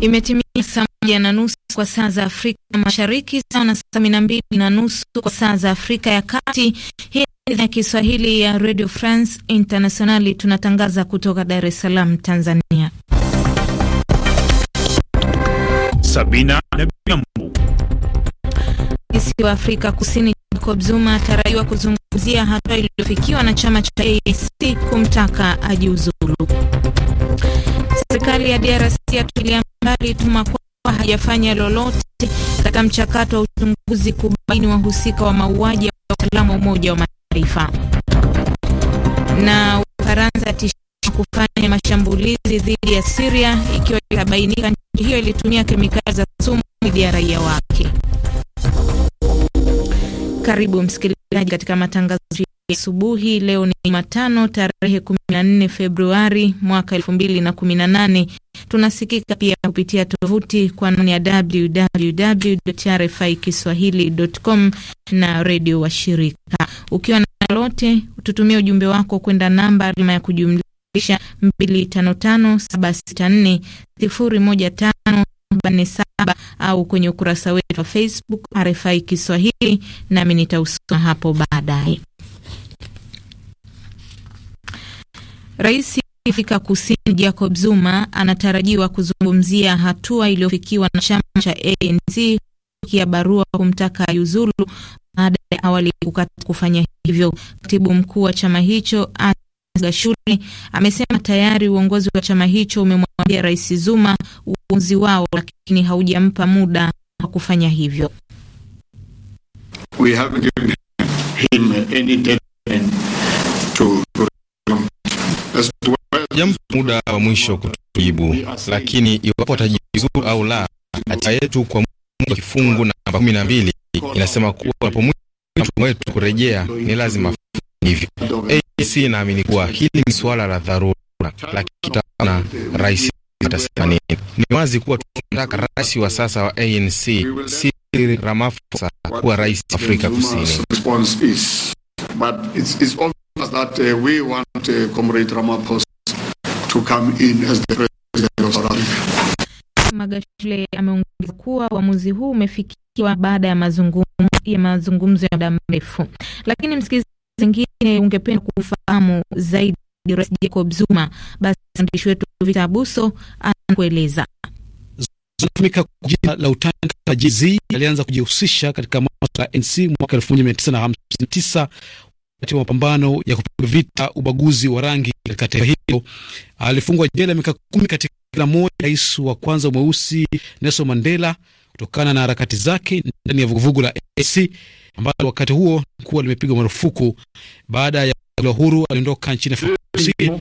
Imetimia saa moja na nusu kwa saa za Afrika Mashariki, sawa na saa kumi na mbili na nusu kwa saa za Afrika ya Kati. Hii ni idhaa ya Kiswahili ya Radio France Internationali, tunatangaza kutoka Dar es Salaam, Tanzania. Sabina Nabiambu. Rais wa Afrika Kusini Jacob Zuma atarajiwa kuzungumzia hatua iliyofikiwa na chama cha ANC kumtaka ajiuzulu serikali ya DRC yatulia mbali tuma kuwa hajafanya lolote katika mchakato wa uchunguzi kubaini wahusika wa mauaji ya usalama Umoja wa Mataifa. Na Ufaransa tishia kufanya mashambulizi dhidi ya Syria ikiwa itabainika nchi hiyo ilitumia kemikali za sumu dhidi ya raia wake. Karibu msikilizaji katika matangazo Asubuhi leo ni Jumatano tarehe 14 Februari mwaka 2018. Tunasikika pia kupitia tovuti kwa anwani ya www.rfikiswahili.com kiswahili.com na redio shirika Ukiwa na lolote, tutumie ujumbe wako kwenda namba alama ya kujumlisha 255764015747 au kwenye ukurasa wetu wa Facebook RFI Kiswahili, nami nitausoma hapo baadaye. Rais Afrika Kusini Jacob Zuma anatarajiwa kuzungumzia hatua iliyofikiwa na chama cha ANC ukia barua kumtaka yuzulu baada ya awali kukata kufanya hivyo. Katibu mkuu wa chama hicho Gashuli amesema tayari uongozi wa chama hicho umemwambia Rais Zuma uongozi wao, lakini haujampa muda wa kufanya hivyo. We Jambo muda wa mwisho kutujibu, lakini iwapo atajibu au la, hatima yetu kwa wa Kifungu namba kumi na mbili inasema kuwa mtu wetu kurejea ni lazima hivyo. AIC inaamini kuwa hili ni suala la dharura, lakini tutaona rais atasema nini. Ni wazi kuwa tunataka rais wa sasa wa ANC Cyril Ramaphosa kuwa rais wa Afrika Kusini. But it's, it's obvious that, uh, we want, uh, Comrade Ramaphosa to come in as the president of South Africa. Magashule ameongeza kuwa uamuzi huu umefikiwa baada ya mazungumzo ya mazungumzo ya muda mrefu. Lakini msikilizaji, zingine ungependa kufahamu zaidi Rais Jacob Zuma, basi mwandishi wetu Vita Abuso anakueleza. Zinatumika kwa jina la utani kama alianza kujihusisha katika maswala ya NC mwaka 1959 wakati wa mapambano ya kupiga vita ubaguzi wa rangi katika taifa hilo. Alifungwa jela miaka kumi katika kila moja rais wa kwanza mweusi Nelson Mandela kutokana na harakati zake ndani ya vuguvugu la ANC ambalo wakati huo kuwa limepigwa marufuku. Baada ya kuwa huru aliondoka nchini Afrika Kusini.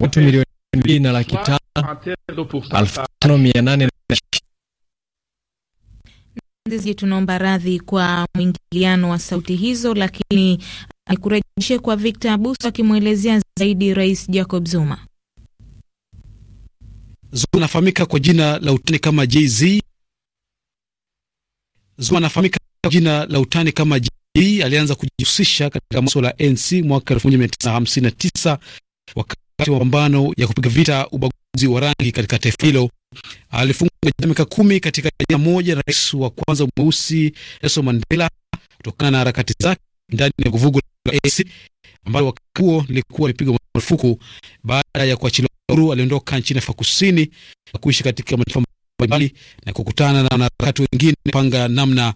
Watu milioni mbili na laki tano elfu tano mia nane na Zizi, tunaomba radhi kwa mwingiliano wa sauti hizo, lakini nikurejeshe kwa Victor Abuso akimwelezea zaidi Rais Jacob Zuma. Zuma anafahamika kwa jina la utani kama JZ. Zuma anafahamika kwa jina la utani kama Jay. Alianza kujihusisha katika masuala ya NC mwaka 1959 wakati wa mapambano ya kupiga vita ubaguzi wa rangi katika taifa hilo alifungwa jela miaka kumi katika jela moja na rais wa kwanza mweusi Nelson Mandela kutokana na harakati zake ndani ya vuguvugu la ANC ambalo wakati huo lilikuwa lipigwa marufuku. Baada ya kuachiliwa huru, aliondoka nchini Afrika Kusini na kuishi katika mataifa mbalimbali na kukutana na wanaharakati wengine kupanga namna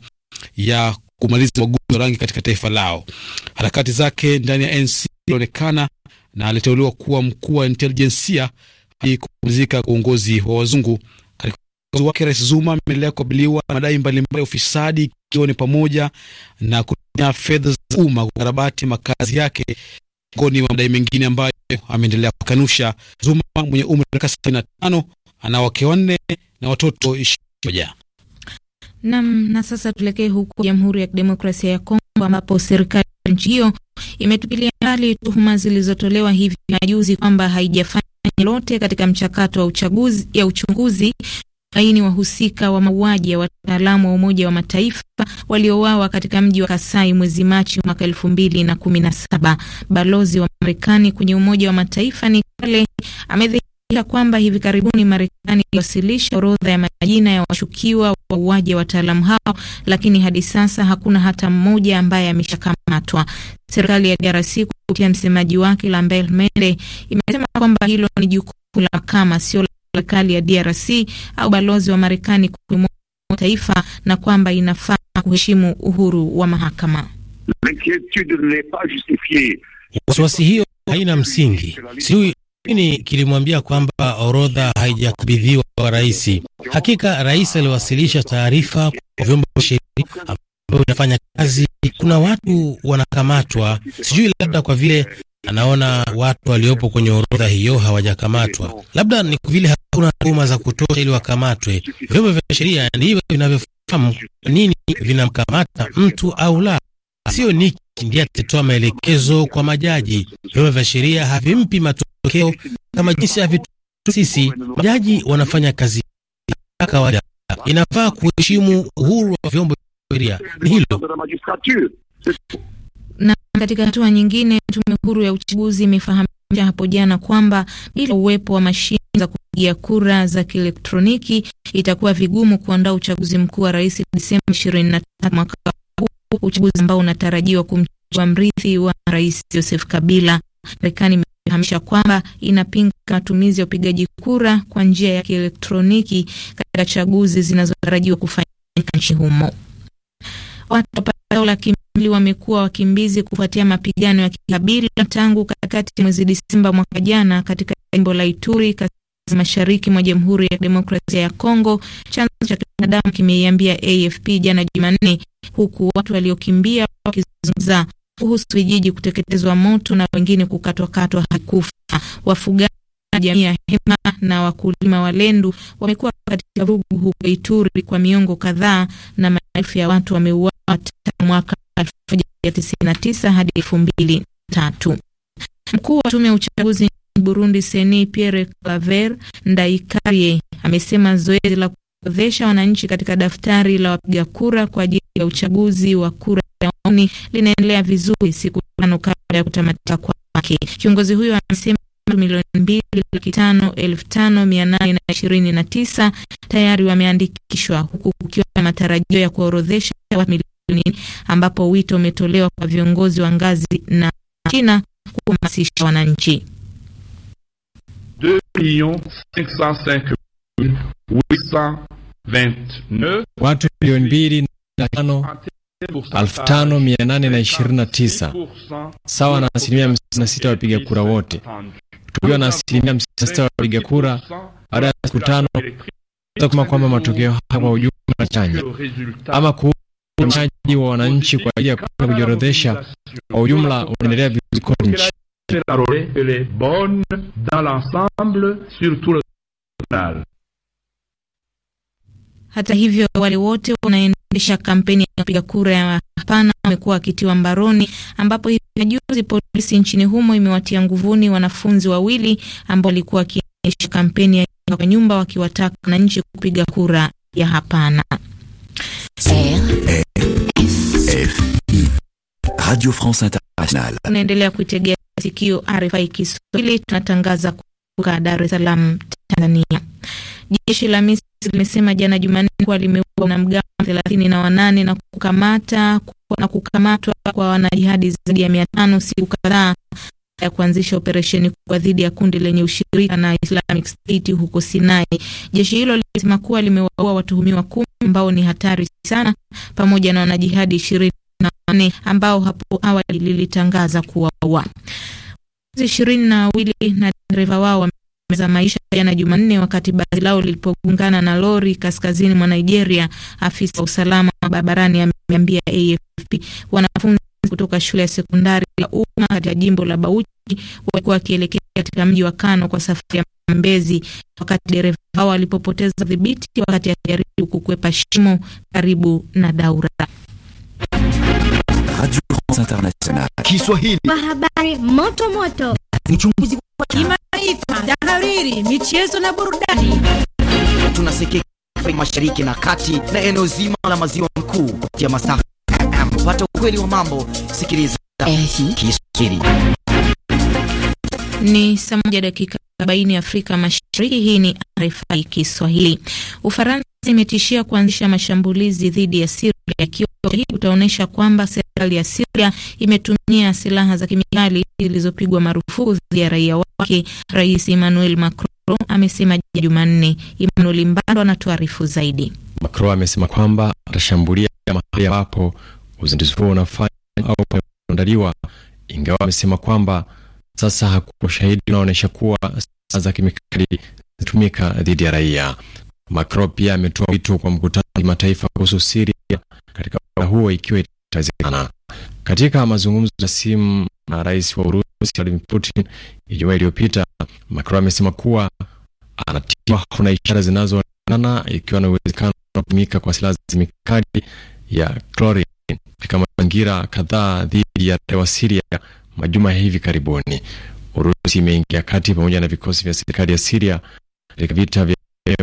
ya kumaliza ubaguzi wa rangi katika taifa lao. Harakati zake ndani ya ANC ilionekana na aliteuliwa kuwa mkuu wa intelijensia hadi kupumzika kwa uongozi wa wazungu. Katika wake, Rais Zuma ameendelea kukabiliwa na madai mbalimbali ya ufisadi, ikiwa ni pamoja na kutumia fedha za umma kukarabati makazi yake, miongoni mwa madai mengine ambayo ameendelea kukanusha. Zuma mwenye umri wa miaka sitini na tano ana wake wanne na watoto ishirini na moja. Nam, na sasa tuelekee huko Jamhuri ya Kidemokrasia ya Kongo ambapo serikali ya nchi hiyo imetupilia mbali tuhuma zilizotolewa hivi majuzi kwamba haijafanya lote katika mchakato wa uchaguzi, ya uchunguzi aini wahusika wa mauaji ya wataalamu wa Umoja wa Mataifa waliouawa katika mji wa Kasai mwezi Machi mwaka elfu mbili na kumi na saba. Balozi wa Marekani kwenye Umoja wa Mataifa kale amedhi ila kwamba hivi karibuni Marekani iliwasilisha orodha ya majina ya washukiwa wauaji wa wataalamu hao, lakini hadi sasa hakuna hata mmoja ambaye ameshakamatwa. Serikali ya DRC kupitia msemaji wake Lambert Mende imesema kwamba hilo ni jukumu la kama sio la serikali ya DRC au balozi wa Marekani kwa taifa na kwamba inafaa kuheshimu uhuru wa mahakama. Wasiwasi hiyo haina msingi, sijui ini kilimwambia kwamba orodha haijakabidhiwa kwa rais. Hakika rais aliwasilisha taarifa kwa vyombo vya sheria ambavyo vinafanya kazi. Kuna watu wanakamatwa, sijui labda kwa vile anaona watu waliopo kwenye orodha hiyo hawajakamatwa, labda ni kwa vile hakuna tuhuma za kutosha ili wakamatwe. Vyombo vya sheria ndivyo vinavyofahamu nini vinamkamata mtu au la, sio niki Kingia atatoa maelekezo kwa majaji. Vyombo vya sheria havimpi matokeo kama jinsi vitu. sisi. Majaji wanafanya kazi ya kawaida, inafaa kuheshimu uhuru wa vyombo vya sheria, ni hilo na katika hatua nyingine, tume huru ya uchaguzi imefahamisha hapo jana kwamba bila uwepo wa mashine za kupigia kura za kielektroniki itakuwa vigumu kuandaa uchaguzi mkuu wa rais disemba 23 mwaka uchaguzi ambao unatarajiwa kumchagua mrithi wa rais Joseph Kabila. Marekani imefahamisha kwamba inapinga matumizi ya upigaji kura kwa njia ya kielektroniki katika chaguzi zinazotarajiwa kufanyika nchi humo. Watu wapatao laki mbili wamekuwa wakimbizi kufuatia mapigano ya kikabila tangu katikati ya mwezi Disemba mwaka jana katika jimbo la Ituri kaskazini mashariki mwa Jamhuri ya Demokrasia ya Kongo, chanzo cha kibinadamu kimeiambia AFP jana Jumanne huku watu waliokimbia wakizungumza kuhusu vijiji kuteketezwa moto na wengine kukatwakatwa hakufa. Wafugaji, jamii ya Hema na wakulima Walendu wamekuwa katika vurugu huko Ituri kwa miongo kadhaa na maelfu ya watu wameuawa tangu mwaka 1999 hadi 2003. Mkuu wa tume ya uchaguzi Burundi Seni Pierre Claver Ndaikarie amesema zoezi la kuorodhesha wananchi katika daftari la wapiga kura kwa ajili ya uchaguzi wa kura ya maoni linaendelea vizuri siku tano kabla ya kutamatika kwake. Kiongozi huyo amesema milioni mbili laki tano elfu tano mia nane na ishirini na tisa tayari wameandikishwa huku kukiwa na matarajio ya kuorodhesha wa milioni, ambapo wito umetolewa kwa viongozi wa ngazi na China kuhamasisha wananchi. Watu milioni mbili tano na tisa sawa na asilimia 56 ya wapiga kura wote, tukiwa na asilimia 56 ya wapiga kura. Baada ya siku tano, kusema kwamba matokeo haya kwa ujumla chanya ama kuchaji wa wananchi kwa ajili ya kuweza kujiorodhesha kwa ujumla unaendelea vizuri kote hata hivyo, wale wote wanaendesha kampeni ya kupiga kura ya hapana wamekuwa wakitiwa mbaroni, ambapo hivi juzi polisi nchini humo imewatia nguvuni wanafunzi wawili ambao walikuwa wakiendesha kampeni ya nyumba kwa nyumba wakiwataka wananchi kupiga kura ya hapana. Radio France Internationale. Unaendelea kuitegea sikio RFI Kiswahili, tunatangaza kutoka Dar es Salaam, Tanzania. Jeshi la Misri limesema jana Jumanne kuwa limeua wanamgambo thelathini na wanane na kukamata na kukamatwa kwa wanajihadi zaidi ya mia tano siku kadhaa ya kuanzisha operesheni kubwa dhidi ya kundi lenye ushirika na Islamic State huko Sinai. Jeshi hilo lilisema kuwa limewaua watuhumiwa kumi ambao ni hatari sana pamoja na wanajihadi ishirini na wanne ambao hapo awali lilitangaza kuwaua. Ishirini na wawili na dereva wao za maisha jana Jumanne wakati basi lao lilipogongana na lori kaskazini mwa Nigeria. Afisa wa usalama wa barabarani ameambia AFP wanafunzi kutoka shule ya sekondari ya umma katika jimbo la Bauchi walikuwa wakielekea katika mji wa Kano kwa safari ya Mbezi wakati dereva hao walipopoteza dhibiti wakati akijaribu kukwepa shimo karibu na Daura. Radio France Internationale Kiswahili, habari moto moto uchunguzi wa kimataifa, tahariri, michezo na burudani. Tunasikika Mashariki na Kati na eneo zima la Maziwa Makuu kupitia masafa FM. ukweli wa mambo, sikiliza eh. Kiswahili. Ni saa moja dakika arobaini Afrika Mashariki. Hii ni RFI Kiswahili. Ufaransa imetishia kuanzisha mashambulizi dhidi ya Syria yakiwa utaonyesha kwamba serikali ya Syria imetumia silaha za kemikali zilizopigwa marufuku dhidi ya raia wake. Rais Emmanuel Macron amesema jana Jumanne. Emmanuel Mbando anatuarifu zaidi. Macron amesema kwamba atashambulia mahali ambapo uzinduzi huo unafanya au andaliwa, ingawa amesema kwamba sasa hakuna shahidi unaoonyesha kuwa silaha za kemikali zinatumika dhidi ya raia. Macron pia ametoa wito kwa mkutano wa kimataifa kuhusu Syria katika huo ikiwa itawezekana. Katika mazungumzo ya simu na rais wa Urusi Vladimir Putin Ijumaa iliyopita, Macron amesema kuwa anatiwa kuna ishara zinazoonekana ikiwa na uwezekano wa kutumika kwa silaha za ya chlorine katika mazingira kadhaa dhidi ya raia wa Siria majuma hivi karibuni. Urusi imeingia kati pamoja na vikosi vya serikali ya Siria katika vita vya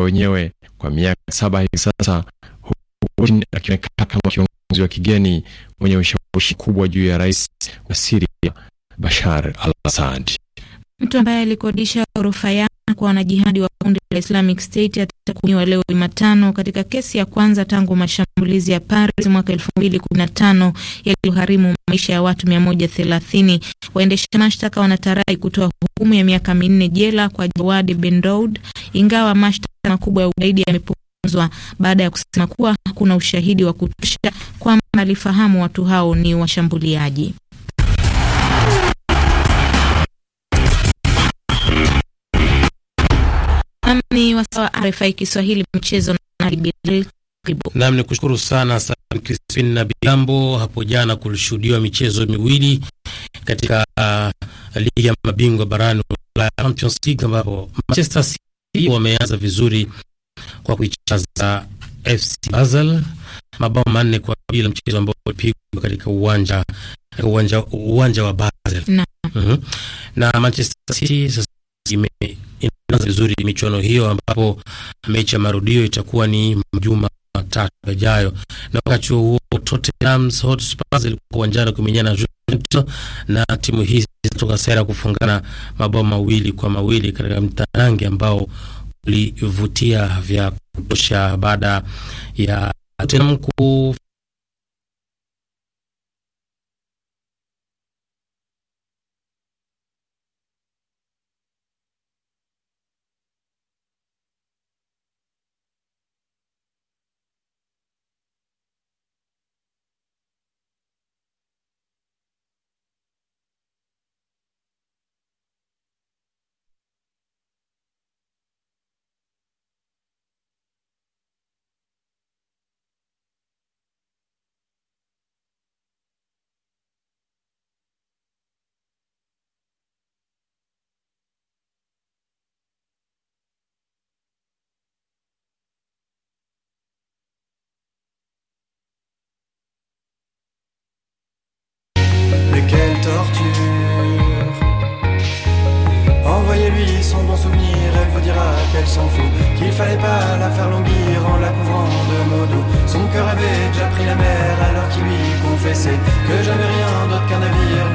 wenyewe kwa miaka saba hivi sasa, huku Putin akionekana kama wa kigeni mwenye ushawishi kubwa juu ya rais wa Siria Bashar al-Assad. Mtu ambaye alikodisha ghorofa yake kwa wanajihadi wa kundi la Islamic State atahukumiwa leo Jumatano katika kesi ya kwanza tangu mashambulizi ya Paris mwaka 2015 yaliyoharimu maisha ya watu 130. Waendesha mashtaka wanataraji kutoa hukumu ya miaka minne jela kwa Jawad Bendoud, ingawa mashtaka makubwa ya ugaidi yamepungua kuzungumzwa baada ya kusema kuwa hakuna ushahidi wa kutosha kwamba alifahamu watu hao ni washambuliaji. Ni wasawa RFI Kiswahili mchezo na nam ni kushukuru sana Salim Crispin na Bigambo. Hapo jana kulishuhudiwa michezo miwili katika uh, ligi ya mabingwa barani Ulaya Champions League ambapo Manchester City wameanza vizuri kwa kuichaza FC Basel mabao manne kwa bila, mchezo ambao ulipigwa katika uwanja uwanja uwanja wa Basel na, mm -hmm. na Manchester City sasa inaanza vizuri michuano hiyo, ambapo mechi ya marudio itakuwa ni majuma matatu yajayo, na wakati huo Tottenham Hotspur zilikuwa uwanjani kumenyana Juventus, na timu hizi zinatoka sera kufungana mabao mawili kwa mawili katika mtanange ambao livutia vya kutosha baada ya tena mkuu qu'il fallait pas la faire languir en la couvrant de mots doux. Son cœur avait déjà pris la mer alors qu'il lui confessait que jamais rien d'autre qu'un navire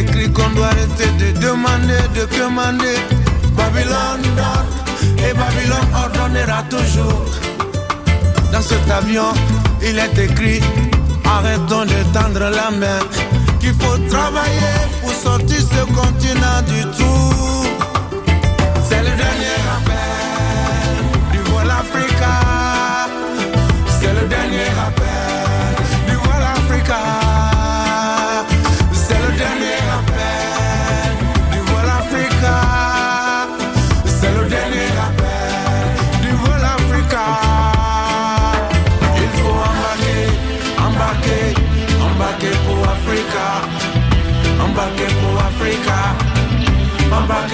écrit qu'on doit arrêter de demander, de commander. Babylone donne et Babylone ordonnera toujours. Dans cet avion, il est écrit arrêtons de tendre la main. Qu'il faut travailler pour sortir ce continent du tout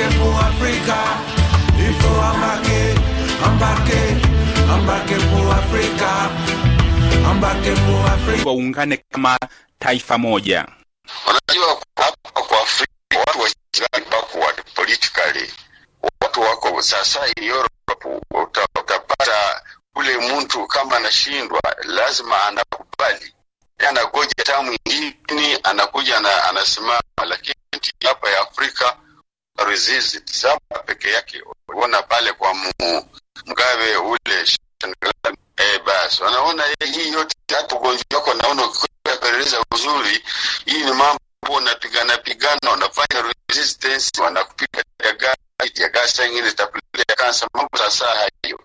embarquez pour Africa. Il faut embarquer, embarquer, embarquer pour Africa. Embarquer pour Afrika. Waungane kama taifa moja. Unajua hapa kwa Afrika watu wajirani backward politically. Watu wako sasa Europe utapata ule mtu kama anashindwa lazima anakubali anagoja tamu ingine, anakuja na anasimama, lakini hapa ya Afrika Ruzizi Zamba peke yake, uliona pale kwa Mgabe ule eh, basi wanaona hii yote, hata ugonjwa wako naona ukipeleleza uzuri, hii ni mambo unapigana pigana, unafanya resistance, wanakupiga ya dagaa, saa ingine ya kansa, mambo sasa hayo.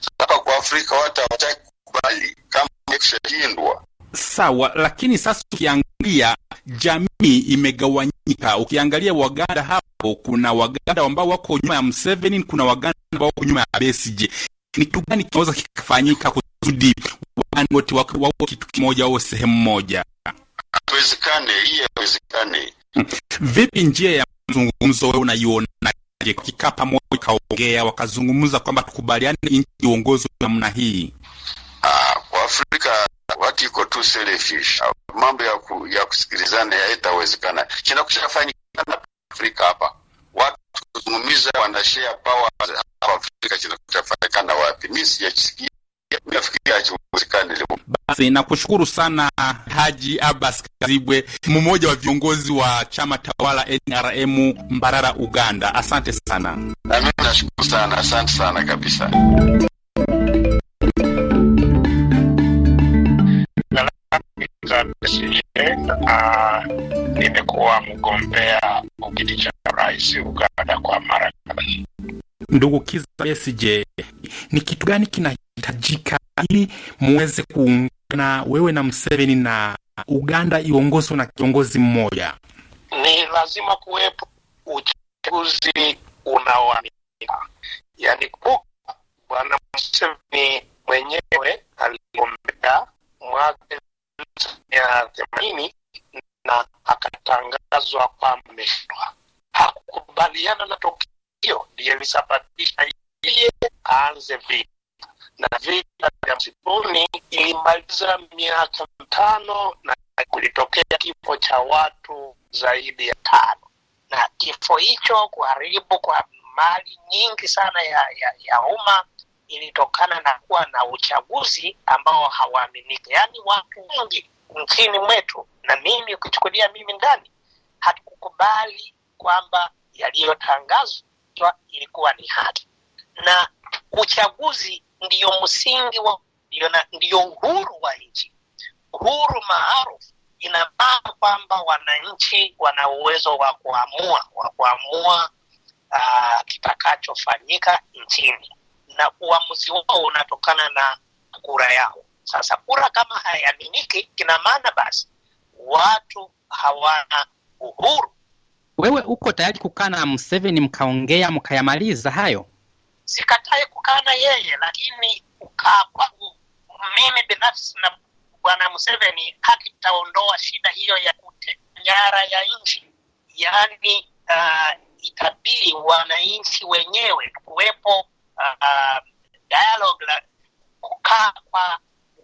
Sasa kwa Afrika watu hawataki kukubali kama ikishindwa sawa, lakini sasa ukiangalia pia jamii imegawanyika. Ukiangalia Waganda hapo, kuna Waganda ambao wako nyuma ya Museveni, kuna Waganda ambao wako nyuma ya Besigye. Ni kitu gani kinaweza kikafanyika kusudi Waganda wote wao kitu kimoja au sehemu moja? Haiwezekane, hii haiwezekane. Hmm. Vipi njia ya mazungumzo wewe unaionaje? Kikaa pamoja wakaongea, wakazungumza kwamba tukubaliane, nchi iongozwe namna hii. Ah, kwa Afrika watu iko tu too selfish mambo ya, ku, ya kusikilizana yaitawezekana. haitawezekana. Kinakushafanyikana Afrika hapa, watu kuzungumiza wanashare power hapa Afrika, China kinakushafanyikana wapi? Mi sijasikia, nafikiria hakiwezekani leo. Basi nakushukuru sana Haji Abbas Kazibwe, mmoja wa viongozi wa chama tawala NRM Mbarara, Uganda. Asante sana. Nami nashukuru sana, asante sana kabisa. za BCJ nimekuwa mgombea ukiti cha rais Uganda kwa mara kadhaa. Ndugu Kiza Besigye, ni kitu gani kinahitajika ili muweze kuungana wewe na Museveni na Uganda iongozwe na kiongozi mmoja? Ni lazima kuwepo uchaguzi unaoaminika, yaani bwana Museveni mwenyewe aligombea mwaka ya themanini na akatangazwa kwamba ameshindwa. Hakukubaliana na tokio lilisababisha yeye aanze vita, na vita vya msituni ilimaliza miaka mitano na kulitokea kifo cha watu zaidi ya tano, na kifo hicho kuharibu kwa mali nyingi sana ya, ya, ya umma ilitokana na kuwa na uchaguzi ambao hawaaminiki. Yaani watu wengi nchini mwetu, na mimi ukichukulia mimi ndani, hatukukubali kwamba yaliyotangazwa ilikuwa ni haki, na uchaguzi ndiyo msingi wa ndiyo uhuru wa nchi. Uhuru maarufu ina kwamba wananchi wana uwezo wa kuamua wa kuamua uh, kitakachofanyika nchini na uamuzi wao unatokana na kura yao. Sasa kura kama hayaminiki, kina maana basi watu hawana uhuru. Wewe uko tayari kukaa na mseveni mkaongea mkayamaliza hayo? Sikatai kukaa na yeye, lakini kukaa kwangu mimi binafsi na bwana Museveni hakitaondoa shida hiyo ya kutenyara ya nchi, yaani uh, itabidi wananchi wenyewe kuwepo uh, dialogue la kukaa kwa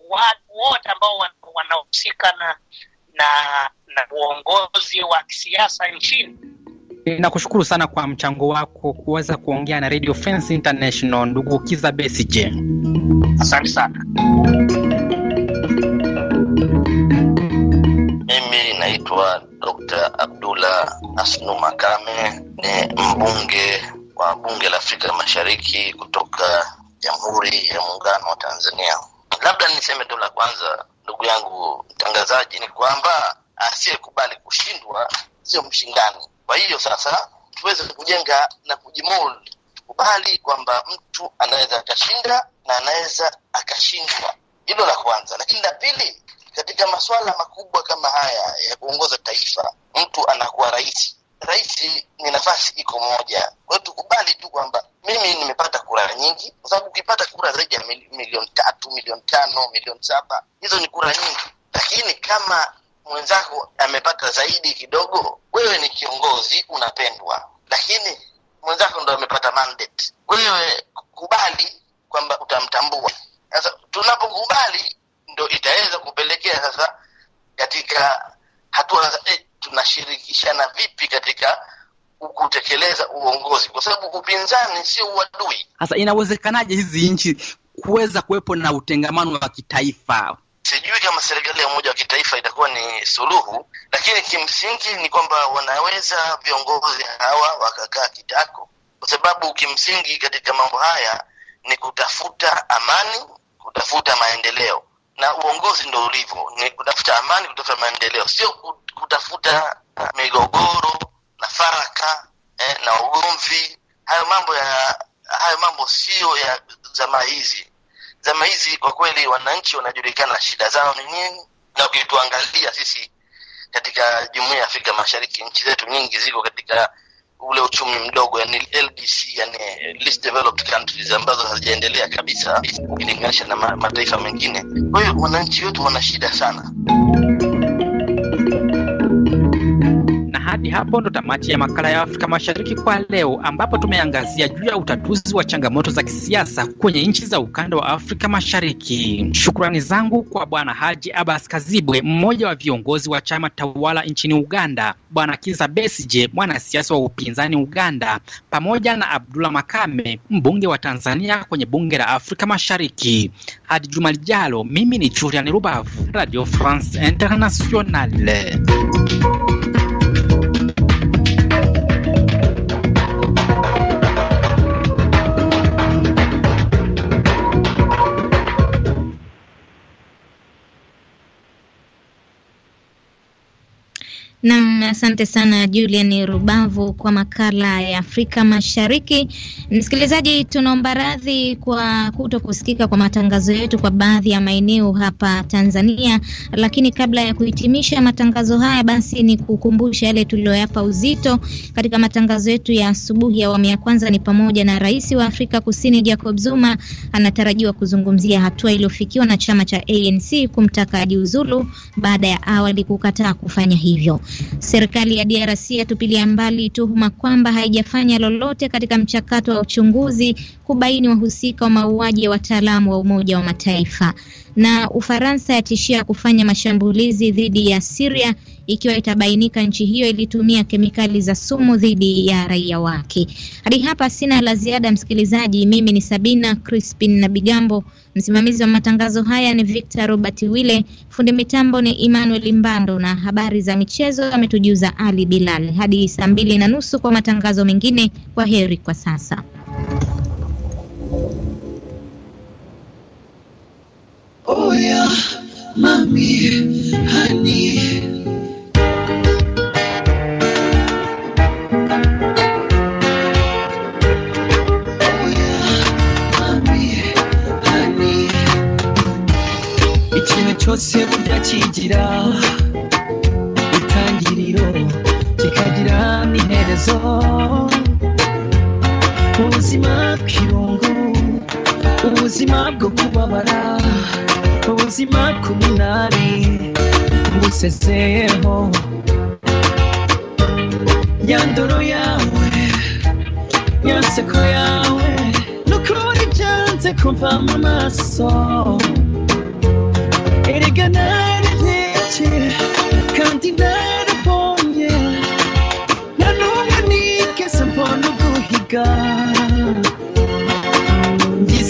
watu wote ambao wanahusika na na na uongozi wa kisiasa nchini. Nakushukuru sana kwa mchango wako kuweza kuongea na Radio France International, ndugu Kiza Besije, asante sana. Mimi naitwa Dr. Abdullah Asnu Makame, ni mbunge wa bunge la Afrika Mashariki kutoka Jamhuri ya Muungano wa Tanzania. Labda niseme tu la kwanza, ndugu yangu mtangazaji, ni kwamba asiyekubali kushindwa sio mshindani. Kwa hiyo sasa tuweze kujenga na kujimudu, tukubali kwamba mtu anaweza akashinda na anaweza akashindwa. Hilo la kwanza, lakini la pili, katika masuala makubwa kama haya ya kuongoza taifa, mtu anakuwa rais rais ni nafasi iko moja. Kwa hiyo tukubali tu kwamba mimi nimepata kura nyingi, kwa sababu ukipata kura zaidi ya milioni tatu, milioni tano, milioni saba, hizo ni kura nyingi, lakini kama mwenzako amepata zaidi kidogo, wewe ni kiongozi unapendwa, lakini mwenzako ndo amepata mandate, wewe kubali kwamba utamtambua. Sasa tunapokubali ndo itaweza kupelekea sasa katika hatua eh, tunashirikishana vipi katika kutekeleza uongozi, kwa sababu upinzani sio uadui. Sasa inawezekanaje hizi nchi kuweza kuwepo na utengamano wa kitaifa? Sijui kama serikali ya umoja wa kitaifa itakuwa ni suluhu, lakini kimsingi ni kwamba wanaweza viongozi hawa wakakaa kitako, kwa sababu kimsingi katika mambo haya ni kutafuta amani, kutafuta maendeleo na uongozi ndo ulivyo, ni kutafuta amani, kutafuta maendeleo, sio kutafuta uh, migogoro na faraka eh, na ugomvi. Hayo mambo ya hayo mambo sio ya zama hizi. Zama hizi kwa kweli, wananchi wanajulikana shida zao ni nini, na ukituangalia sisi katika jumuiya ya Afrika Mashariki, nchi zetu nyingi ziko katika ule uchumi mdogo, yani LDC, yani eh, least developed countries ambazo hazijaendelea kabisa ukilinganisha na mataifa mengine. Kwa hiyo wananchi wetu wana shida sana. Hadi hapo ndo tamati ya makala ya Afrika Mashariki kwa leo, ambapo tumeangazia juu ya utatuzi wa changamoto za kisiasa kwenye nchi za ukanda wa Afrika Mashariki. Shukrani zangu kwa Bwana Haji Abbas Kazibwe, mmoja wa viongozi wa chama tawala nchini Uganda, Bwana Kizza Besije, mwanasiasa wa upinzani Uganda, pamoja na Abdullah Makame, mbunge wa Tanzania kwenye bunge la Afrika Mashariki. Hadi juma lijalo, mimi ni Julian Rubavu, Radio France Internationale. Nam, asante sana Julian Rubavu kwa makala ya Afrika Mashariki. Msikilizaji, tunaomba radhi kwa kuto kusikika kwa matangazo yetu kwa baadhi ya maeneo hapa Tanzania, lakini kabla ya kuhitimisha matangazo haya, basi ni kukumbusha yale tuliyoyapa uzito katika matangazo yetu ya asubuhi ya awamu ya kwanza. Ni pamoja na rais wa Afrika Kusini Jacob Zuma anatarajiwa kuzungumzia hatua iliyofikiwa na chama cha ANC kumtaka ajiuzulu baada ya awali kukataa kufanya hivyo. Serikali ya DRC yatupilia mbali tuhuma kwamba haijafanya lolote katika mchakato wa uchunguzi kubaini wahusika wa mauaji ya wataalamu wa Umoja wa Mataifa. Na Ufaransa yatishia kufanya mashambulizi dhidi ya Siria ikiwa itabainika nchi hiyo ilitumia kemikali za sumu dhidi ya raia wake. Hadi hapa sina la ziada, msikilizaji. Mimi ni Sabina Crispin na Bigambo, msimamizi wa matangazo haya ni Victor Robert Wile, fundi mitambo ni Emmanuel Mbando, na habari za michezo ametujuza Ali Bilal. Hadi saa mbili na nusu kwa matangazo mengine, kwa heri kwa sasa. Oh yeah, mami, honey.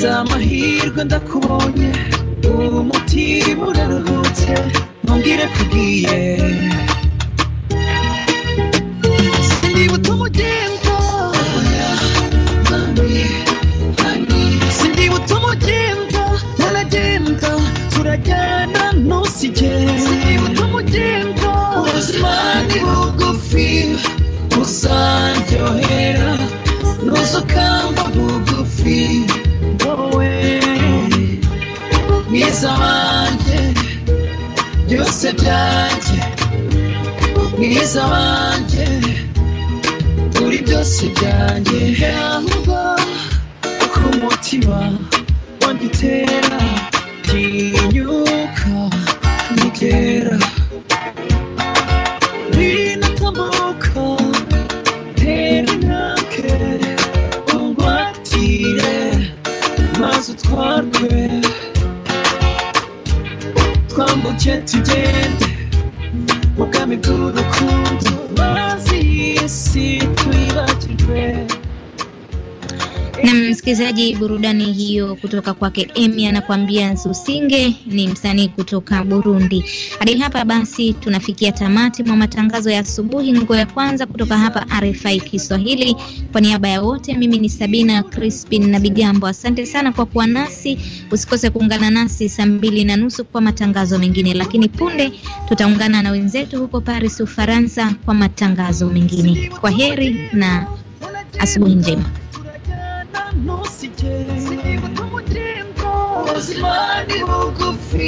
si amahirwe ndakubonye ubu mutima uraruhutse ntumbwire ko ugiye sindibuta umugenzo sindibuta umugenzo ngisabanje byose byanjye ngisabanje kuri byose byanjye ahubwo ku mutima wagitera msikilizaji, burudani hiyo kutoka kwake Emi anakuambia Zusinge, ni msanii kutoka Burundi. Hadi hapa basi tunafikia tamati mwa matangazo ya asubuhi ngo ya kwanza kutoka hapa RFI Kiswahili. Kwa niaba ya wote, mimi ni Sabina Crispin na Bigambo, asante sana kwa kuwa nasi. Usikose kuungana nasi saa mbili na nusu kwa matangazo mengine, lakini punde tutaungana na wenzetu huko Paris, Ufaransa, kwa matangazo mengine. Kwa heri na asubuhi njema. ntusige siga ubutumwa ugenda ubuzima ni bugufi